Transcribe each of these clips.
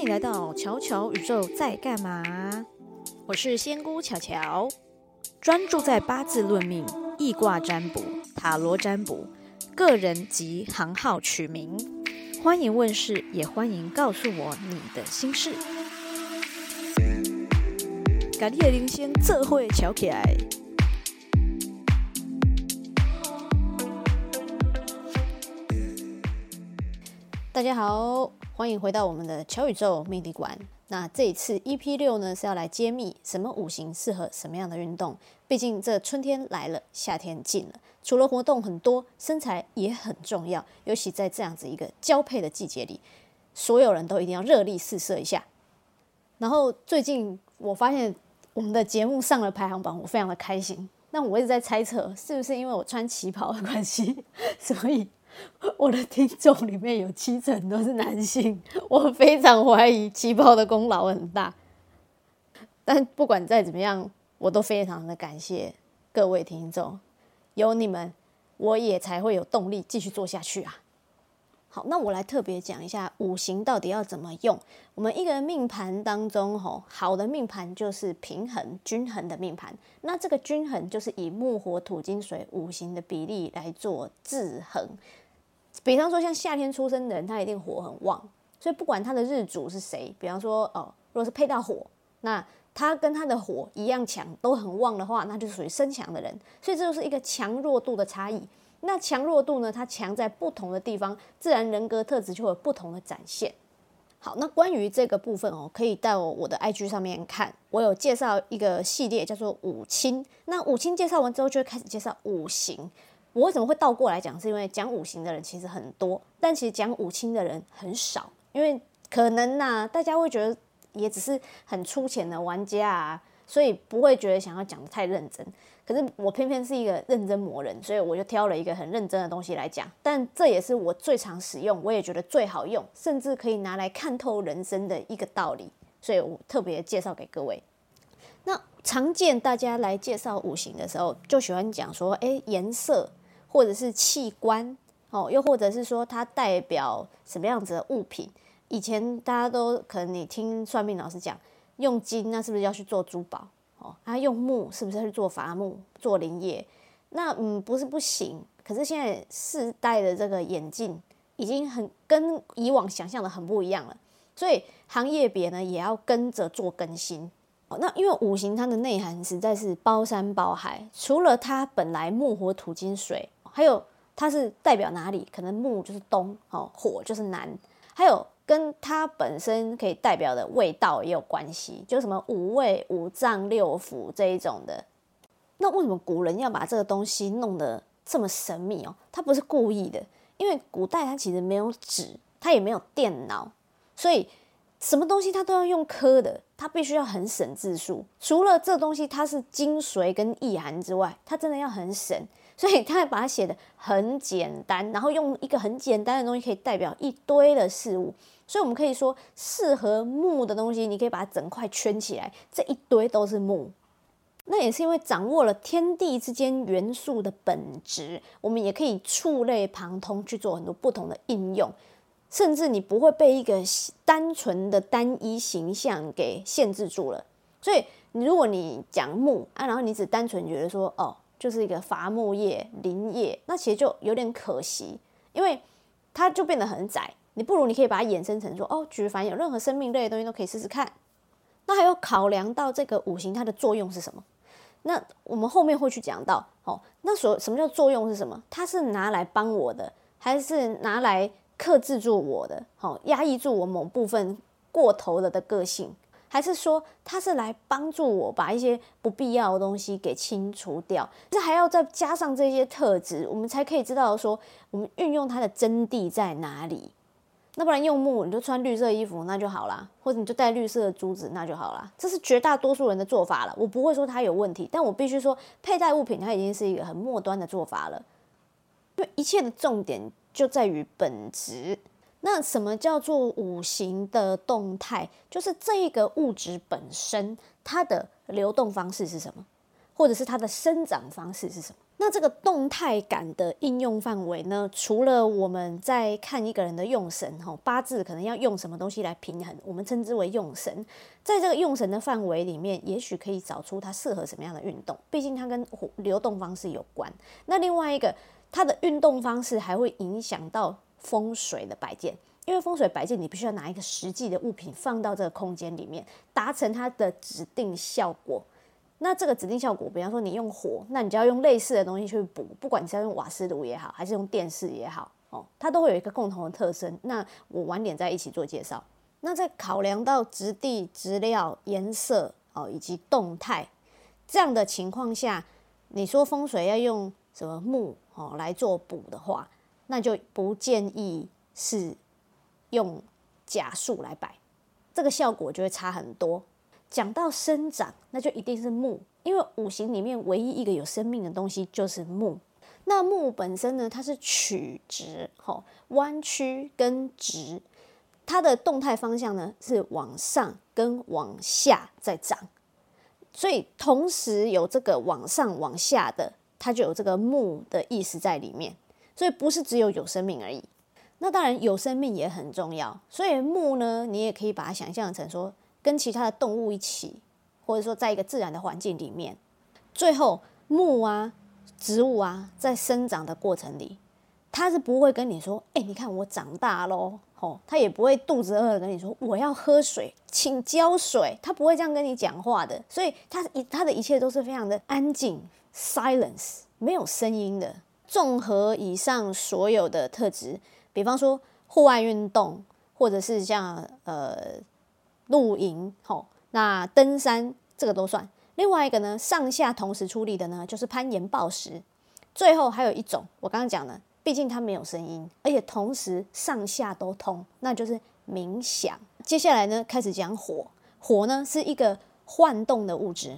歡迎來到巧巧宇宙在幹嘛？我是仙姑巧巧，專注在八字論命、易卦佔卜、塔羅佔卜、個人及行號取名。歡迎問事，也歡迎告訴我你的心事。感謝聆聽這會敲起來。大家好。歡迎回到我們的喬宇宙命理館。那這一次 EP 六呢，是要來揭秘什麼五行適合什麼樣的運動。畢竟這春天來了，夏天近了，除了活動很多，身材也很重要。尤其在這樣子一個交配的季節裡，所有人都一定要熱力試射一下。然後最近我發現我們的節目上了排行榜，我非常的開心。那我一直在猜測，是不是因為我穿旗袍的關係，所以。我的聽眾裡面有七成都是男性，我非常懷疑旗袍的功勞很大。但不管再怎麼樣，我都非常的感謝各位聽眾，有你們，我也才會有動力繼續做下去啊。好，那我來特別講一下五行到底要怎麼用。我們一個人命盤當中，吼，好的命盤就是平衡、均衡的命盤。那這個均衡就是以木、火、土、金、水五行的比例來做制衡。比方說，像夏天出生的人，他一定火很旺，所以不管他的日主是誰，比方說，哦、呃，如果是配到火，那他跟他的火一樣強，都很旺的話，那就屬於身強的人，所以這就是一個強弱度的差異。那強弱度呢，它強在不同的地方，自然人格特質就會有不同的展現。好，那關於這個部分哦、喔，可以到我的 IG 上面看，我有介紹一個系列叫做五親。那五親介紹完之後，就會開始介紹五行。我為什麼會倒過來講？是因為講五行的人其實很多，但其實講五清的人很少，因為可能吶、啊，大家會覺得也只是很粗淺的玩家啊，所以不會覺得想要講得太認真。可是我偏偏是一個認真魔人，所以我就挑了一個很認真的東西來講。但這也是我最常使用，我也覺得最好用，甚至可以拿來看透人生的一個道理，所以我特別介紹給各位。那常見大家來介紹五行的時候，就喜歡講說：誒，顏色。或者是器官，哦，又或者是說它代表什麼樣子的物品。以前大家都可能你聽算命老師講，用金那是不是要去做珠寶？哦、啊，他用木是不是要去做伐木、做林業？那嗯，不是不行。可是現在世代的這個演進已經很跟以往想象的很不一樣了，所以行業別呢，也要跟着做更新。哦，那因為五行它的內涵實在是包山包海，除了它本來木火土金水。還有，它是代表哪裡？可能木就是東，哦，火就是南。還有，跟它本身可以代表的味道也有關係，就是什麼五味、五臟六腑這一種的。那為什麼古人要把這個東西弄得這麼神祕哦？他不是故意的，因為古代他其實沒有紙，他也沒有電腦，所以什麼東西他都要用刻的。它必須要很省字數，除了這東西它是精髓跟意涵之外，它真的要很省，所以它把它寫得很簡單，然後用一個很簡單的東西可以代表一堆的事物，所以我們可以說適合木的東西，你可以把它整塊圈起來，這一堆都是木。那也是因為掌握了天地之間元素的本質，我們也可以觸類旁通去做很多不同的應用。甚至你不會被一個單純的單一形象給限制住了，所以你如果你講木啊，然後你只單純覺得說哦，就是一個伐木業、林業，那其實就有點可惜，因為它就變得很窄。你不如你可以把它衍生成說哦，舉凡有任何生命類的東西都可以試試看。那還有考量到這個五行它的作用是什麼？那我們後面會去講到。哦，那所什麼叫作用是什麼？它是拿來幫我的，還是拿來？克制住我的，好，壓抑住我某部分過頭了的個性，還是說他是來幫助我把一些不必要的東西給清除掉？這還要再加上這些特質，我們才可以知道說我們運用它的真諦在哪裡。那不然用木，你就穿綠色衣服那就好啦，或者你就戴綠色的珠子那就好啦。這是絕大多數人的做法了，我不會說它有問題，但我必須說佩戴物品它已經是一個很末端的做法了，一切的重點。就在於本質。那什麼叫做五行的動態？就是這一個物質本身，它的流動方式是什麼，或者是它的生長方式是什麼？那這個動態感的應用範圍呢？除了我們在看一個人的用神哈，八字可能要用什麼東西來平衡，我們稱之為用神。在這個用神的範圍裡面，也許可以找出他適合什麼樣的運動，畢竟它跟流動方式有關。那另外一個，它的運動方式還會影響到風水的擺件，因為風水擺件你必須要拿一個實際的物品放到這個空間裡面，達成它的指定效果。那這個指定效果，比方說你用火，那你就要用類似的東西去補。不管你是要用瓦斯爐也好，還是用電視也好，哦，它都會有一個共同的特徵。那我晚點再一起做介紹。那在考量到質地、質料、顏色哦，以及動態這樣的情況下，你說風水要用什麼木哦來做補的話，那就不建議是用假樹來擺，這個效果就會差很多。講到生長，那就一定是木，因為五行裡面唯一一個有生命的東西就是木。那木本身呢，它是曲直，吼，彎曲跟直，它的動態方向呢是往上跟往下在長，所以同時有這個往上往下的，它就有這個木的意思在裡面。所以不是只有有生命而已。那當然有生命也很重要，所以木呢，你也可以把它想象成說。跟其他的動物一起，或者說在一個自然的環境裡面，最後木啊、植物啊，在生長的過程裡，它是不會跟你說：“哎、欸，你看我長大嘍。”哦，它也不會肚子餓跟你說：“我要喝水，請澆水。”它不會這樣跟你講話的。所以它一它的一切都是非常的安靜， 沒有聲音的。綜合以上所有的特質，比方說戶外運動，或者是像呃。露營，吼、哦，那登山這個都算。另外一個呢，上下同時出力的呢，就是攀岩抱石。最後還有一種，我剛剛講了，畢竟它沒有聲音，而且同時上下都通，那就是冥想。接下來呢，開始講火。火呢是一個晃動的物質，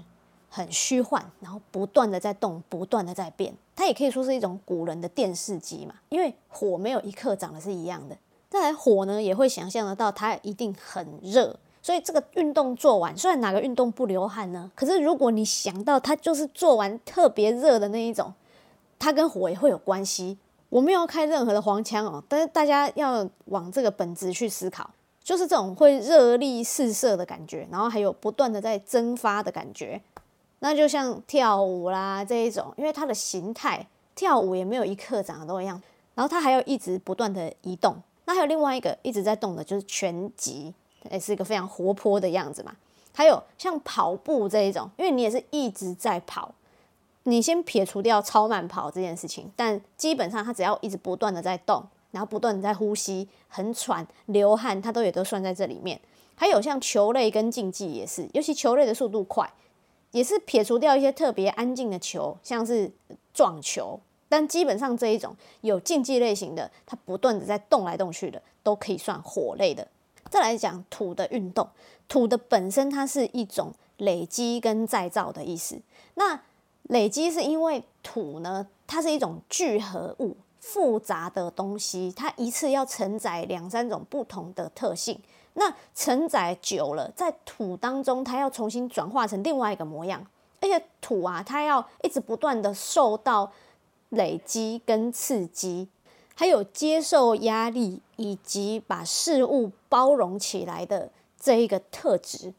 很虛幻，然後不斷的在動，不斷的在變。它也可以說是一種古人的電視機嘛，因為火沒有一刻長得是一樣的。再來火呢，也會想象得到它一定很熱。所以這個運動做完，雖然哪個運動不流汗呢？可是如果你想到它就是做完特別熱的那一種，它跟火也會有關係。我沒有開任何的黃腔哦，但是大家要往這個本質去思考，就是這種會熱力四射的感覺，然後還有不斷的在蒸發的感覺，那就像跳舞啦這一種，因為它的形態跳舞也沒有一刻長得都一樣，然後它還要一直不斷的移動。那還有另外一個一直在動的就是拳擊。也是一個非常活潑的樣子嘛。還有像跑步這一種，因為你也是一直在跑。你先撇除掉超慢跑這件事情，但基本上它只要一直不斷的在動，然後不斷的在呼吸、很喘、流汗，它都也都算在這裡面。還有像球類跟競技也是，尤其球類的速度快，也是撇除掉一些特別安靜的球，像是撞球。但基本上這一種有競技類型的，它不斷的在動來動去的，都可以算火類的。再來講土的運動，土的本身它是一種累積跟再造的意思。那累積是因為土呢，它是一種聚合物，複雜的東西，它一次要承載兩三種不同的特性。那承載久了，在土當中，它要重新轉化成另外一個模樣，而且土啊，它要一直不斷的受到累積跟刺激。還有接受壓力以及把事物包容起來的這一個特質，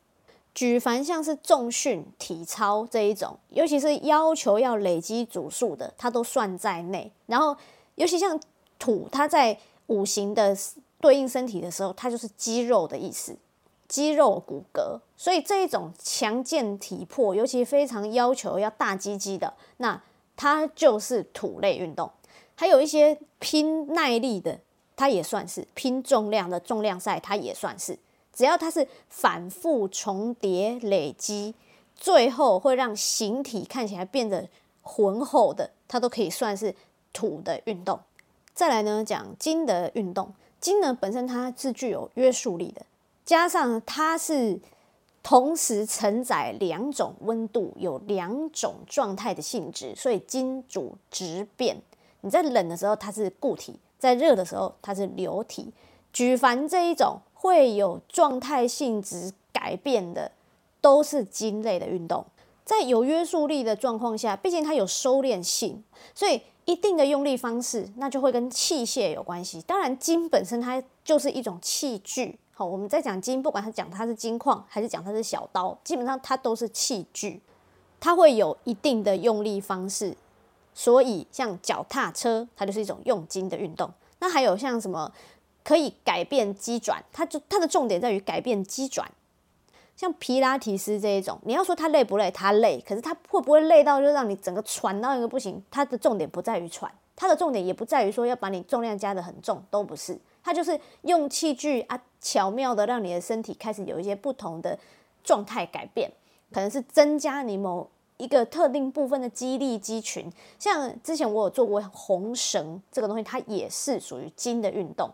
舉凡像是重訓、體操這一種，尤其是要求要累積組數的，它都算在內。然後，尤其像土，它在五行的對應身體的時候，它就是肌肉的意思，肌肉、骨骼。所以這一種強健體魄，尤其非常要求要大肌肌的，那它就是土類運動。還有一些拼耐力的，它也算是拼重量的重量賽，它也算是。只要它是反覆重疊累積，最後會讓形體看起來變得渾厚的，它都可以算是土的運動。再來呢，講金的運動，金呢本身它是具有約束力的，加上它是同時承載兩種溫度、有兩種狀態的性質，所以金主直變。你在冷的時候它是固體，在熱的時候它是流體。舉凡這一種會有狀態性質改變的，都是金類的運動。在有約束力的狀況下，畢竟它有收斂性，所以一定的用力方式，那就會跟器械有關係。當然，金本身它就是一種器具。好，我們在講金，不管是講它是金礦，還是講它是小刀，基本上它都是器具，它會有一定的用力方式。所以像腳踏車，它就是一種用筋的運動。那還有像什麼可以改變機轉，它就它的重點在於改變機轉。像皮拉提斯這一種，你要說它累不累，它累，可是它會不會累到就讓你整個喘到一個不行？它的重點不在於喘，它的重點也不在於說要把你重量加得很重，都不是。它就是用器具啊，巧妙的讓你的身體開始有一些不同的狀態改變，可能是增加你某。一個特定部分的肌力肌群，像之前我有做過紅繩這個東西，它也是屬於筋的運動。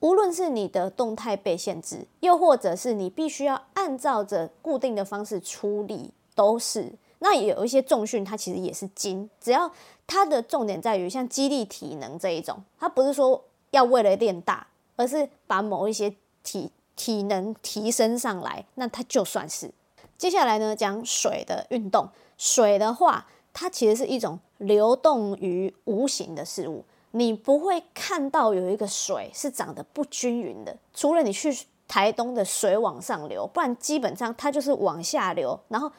無論是你的動態被限制，又或者是你必須要按照着固定的方式出力，都是。那也有一些重訓，它其實也是筋，只要它的重點在於像肌力體能這一種，它不是說要為了練大，而是把某一些體體能提升上來，那它就算是。接下來呢，講水的運動。水的話，它其實是一種流動於無形的事物。你不會看到有一個水是長得不均勻的，除了你去台東的水往上流，不然基本上它就是往下流，然後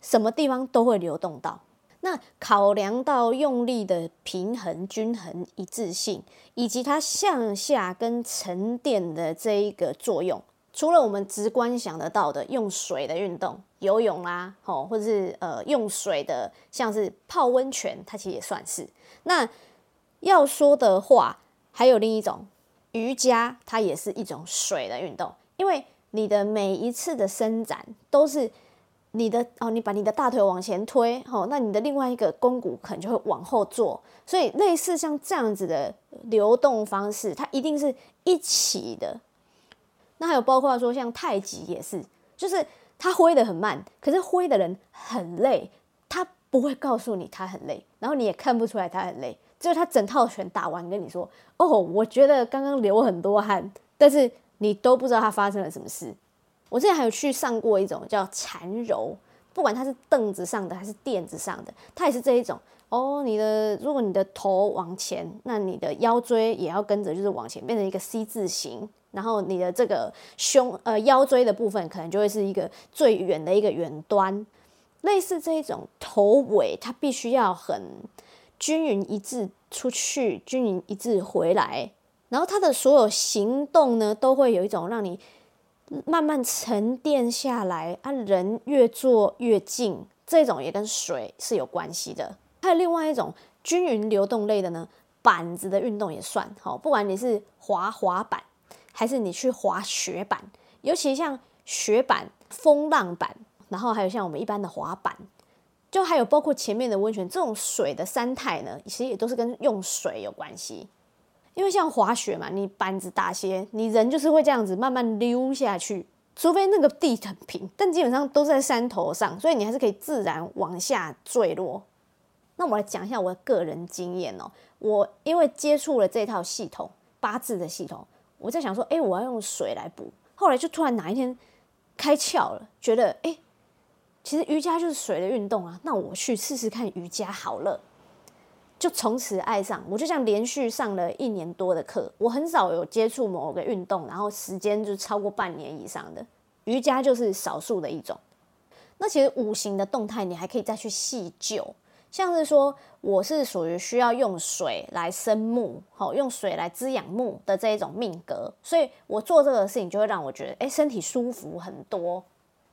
什麼地方都會流動到。那考量到用力的平衡、均衡、一致性，以及它向下跟沉澱的這一個作用。除了我們直觀想得到的用水的運動，游泳啦，哦，或者是呃用水的，像是泡溫泉，它其實也算是那，那要說的話，還有另一種瑜伽，它也是一種水的運動，因為你的每一次的伸展都是你的哦，你把你的大腿往前推，哦，那你的另外一個肱骨可能就會往後坐，所以類似像這樣子的流動方式，它一定是一起的。那還有包括說像太極也是，就是他揮的很慢，可是揮的人很累，他不會告訴你他很累，然後你也看不出來他很累，就是他整套拳打完跟你說：“哦，我覺得剛剛流很多汗。”但是你都不知道他發生了什麼事。我之前還有去上過一種叫禪柔，不管他是凳子上的還是墊子上的，他也是這一種。哦，你的如果你的頭往前，那你的腰椎也要跟着就是往前變成一個 C 字形。然後你的這個胸呃、腰椎的部分可能就會是一個最遠的一個遠端，類似這一種頭尾，它必須要很均勻一致出去，均勻一致回來。然後它的所有行動呢，都會有一種讓你慢慢沉澱下來啊，人越做越靜，這種也跟水是有關係的。還有另外一種均勻流動類的呢，板子的運動也算好、哦，不管你是滑滑板。還是你去滑雪板，尤其像雪板、風浪板，然後還有像我們一般的滑板，就還有包括前面的溫泉，這種水的三態呢，其實也都是跟用水有關係。因為像滑雪嘛，你板子大些，你人就是會這樣子慢慢溜下去，除非那個地很平，但基本上都在山頭上，所以你還是可以自然往下墜落。那我來講一下我的個人經驗哦、喔，我因為接觸了這套系統，八字的系統。我在想說，誒、欸，我要用水來補。後來就突然哪一天開竅了，覺得誒、欸，其實瑜伽就是水的運動啊。那我去試試看瑜伽好了，就從此愛上。我就像連續上了一年多的課。我很少有接觸某個運動，然後時間就超過半年以上的，瑜伽就是少數的一種。那其實五行的動態，你還可以再去細究。像是說，我是屬於需要用水來生木，好用水來滋養木的這一種命格，所以我做這個事情就會讓我覺得，哎、欸，身體舒服很多。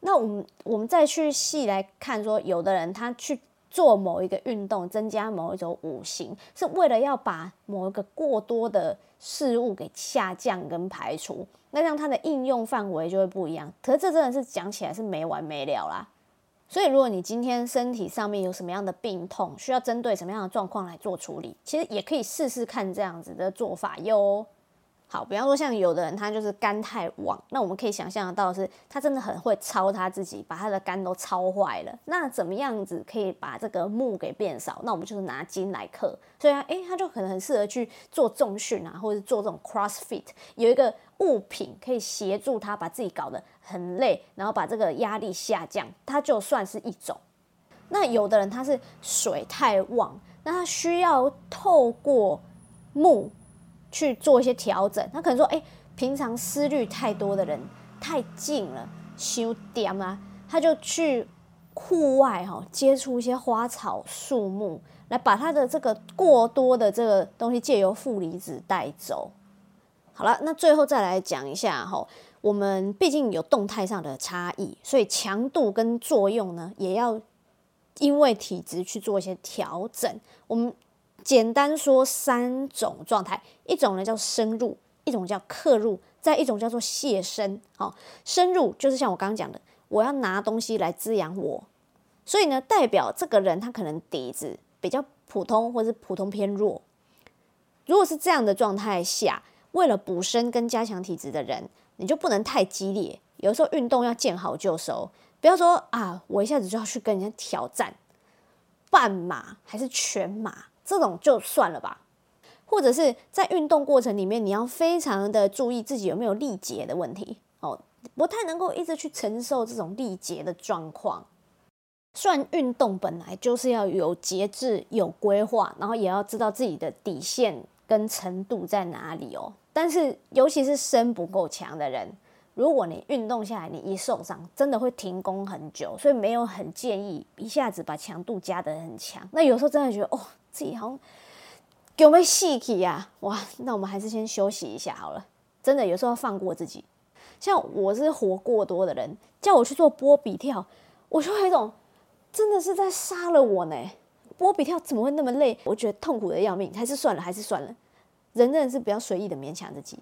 那我們我們再去細來看說，說有的人他去做某一個運動，增加某一種五行，是為了要把某一個過多的事物給下降跟排除，那讓它的應用範圍就會不一樣。可是這真的是講起來是沒完沒了啦。所以，如果你今天身體上面有什麼樣的病痛，需要針對什麼樣的狀況來做處理，其實也可以試試看這樣子的做法喲。好，比方說像有的人他就是肝太旺，那我們可以想象得到的是，他真的很會操他自己，把他的肝都操壞了。那怎麼樣子可以把這個木給變少？那我們就是拿金來克。所以他，誒，他就可能很適合去做重訓啊，或者做這種 CrossFit，有一個物品可以協助他把自己搞得很累，然後把這個壓力下降，他就算是一種。那有的人他是水太旺，那他需要透過木。去做一些調整，他可能說：“誒、欸，平常思慮太多的人太靜了，修點啊，他就去戶外哈、喔，接觸一些花草樹木，來把他的這個過多的這個東西借由負離子帶走。”好了，那最後再來講一下哈、喔，我們畢竟有動態上的差異，所以強度跟作用呢，也要因為體質去做一些調整。我們。簡單說三種狀態，一種呢叫深入，一種叫克入，再一種叫做卸身。好、哦，深入就是像我剛剛講的，我要拿東西來滋養我，所以呢代表這個人他可能底子比較普通，或是普通偏弱。如果是這樣的狀態下，為了補身跟加強體質的人，你就不能太激烈。有的時候運動要見好就收，不要說啊，我一下子就要去跟人家挑戰半馬還是全馬。這種就算了吧，或者是在運動過程裡面，你要非常的注意自己有沒有力竭的問題哦，不太能夠一直去承受這種力竭的狀況。雖然運動本來就是要有節制、有規劃，然後也要知道自己的底線跟程度在哪裡哦。但是尤其是身不夠強的人，如果你運動下來，你一受傷，真的會停工很久，所以沒有很建議一下子把強度加得很強。那有時候真的覺得哦。自己好像有沒有力氣呀？哇，那我們還是先休息一下好了。真的，有時候要放過自己。像我是活過多的人，叫我去做波比跳，我就有一種真的是在殺了我呢。波比跳怎麼會那麼累？我覺得痛苦的要命，還是算了，還是算了。人真的是不要隨意的勉強自己。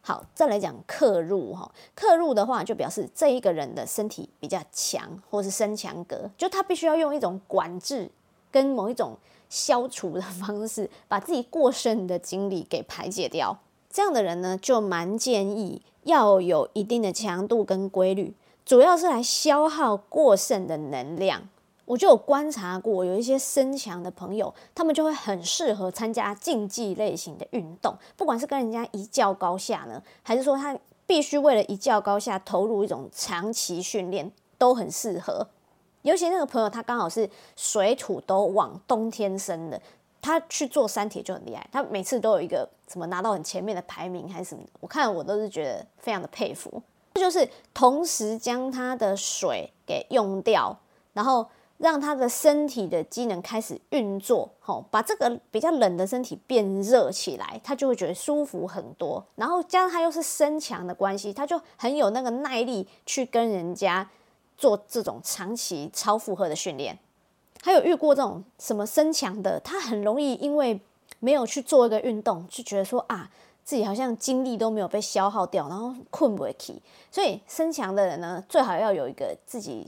好，再來講剋入哈，剋入的話就表示這一個人的身體比較強，或是身強格，就他必須要用一種管制跟某一種。消除的方式，把自己過剩的精力給排解掉。這樣的人呢，就蠻建議要有一定的強度跟規律，主要是來消耗過剩的能量。我就有觀察過，有一些身強的朋友，他們就會很適合參加競技類型的運動，不管是跟人家一較高下呢，還是說他必須為了一較高下投入一種長期訓練，都很適合。尤其那個朋友，他剛好是水土都往冬天生的，他去做三鐵就很厲害。他每次都有一個什麼拿到很前面的排名還是什麼，我看我都是覺得非常的佩服。就是同時將他的水給用掉，然後讓他的身體的機能開始運作，吼、哦，把這個比較冷的身體變熱起來，他就會覺得舒服很多。然後加上他又是身強的關係，他就很有那個耐力去跟人家。做這種長期超負荷的訓練，還有遇過這種什麼身強的，他很容易因為沒有去做一個運動，就覺得說啊，自己好像精力都沒有被消耗掉，然後困不起來。所以身強的人呢，最好要有一個自己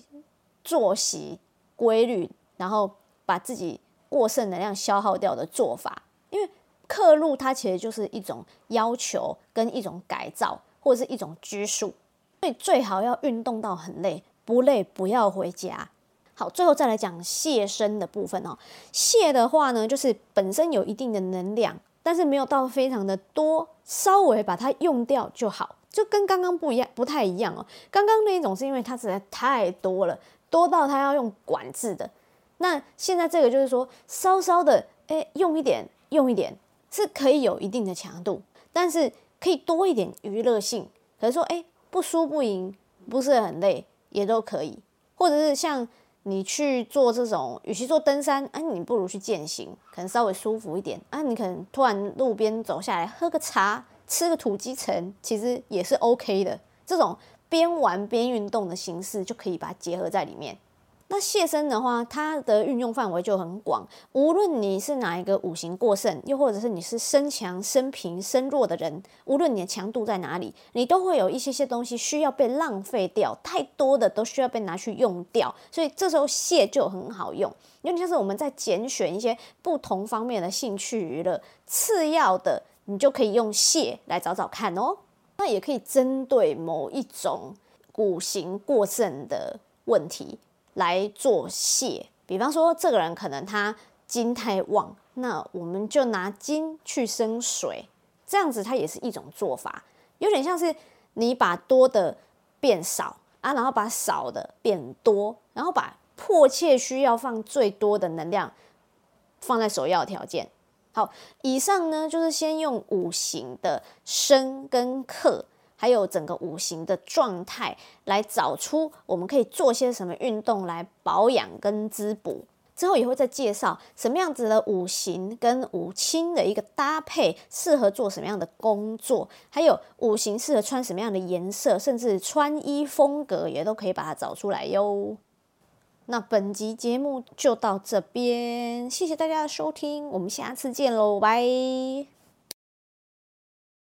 作息規律，然後把自己過剩能量消耗掉的做法。因為剋露它其實就是一種要求，跟一種改造，或者是一種拘束，所以最好要運動到很累。不累，不要回家。好，最後再來講洩身的部分哦、喔。洩的話呢，就是本身有一定的能量，但是沒有到非常的多，稍微把它用掉就好，就跟剛剛不一樣，不太一樣哦、喔。剛剛那一種是因為它實在太多了，多到它要用管制的。那現在這個就是說，稍稍的，誒、欸，用一點，用一點是可以有一定的強度，但是可以多一點娛樂性。可是說，誒、欸，不輸不贏，不是很累。也都可以，或者是像你去做這種，與其做登山，哎、啊，你不如去健行，可能稍微舒服一點。啊，你可能突然路邊走下來，喝個茶，吃個土雞城，其實也是 OK 的。這種邊玩邊運動的形式，就可以把它結合在裡面。那洩身的話，它的運用範圍就很廣。無論你是哪一個五行過剩，又或者是你是身強、身平、身弱的人，無論你的強度在哪裡，你都會有一些些東西需要被浪費掉，太多的都需要被拿去用掉。所以這時候洩就很好用，有點像是我們在揀選一些不同方面的興趣、娛樂、次要的，你就可以用洩來找找看哦。那也可以針對某一種五行過剩的問題，來做泄，比方說這個人可能他金太旺，那我們就拿金去生水，這樣子它也是一種做法，有點像是你把多的變少啊，然後把少的變多，然後把迫切需要放最多的能量放在首要條件。好，以上呢就是先用五行的生跟剋。還有整個五行的狀態，來找出我們可以做些什麼運動來保養跟滋補。之後也會再介紹什麼樣子的五行跟五行的一個搭配，適合做什麼樣的工作，還有五行適合穿什麼樣的顏色，甚至穿衣風格也都可以把它找出來喲。那本集節目就到這邊，謝謝大家的收聽，我們下次見嘍，拜。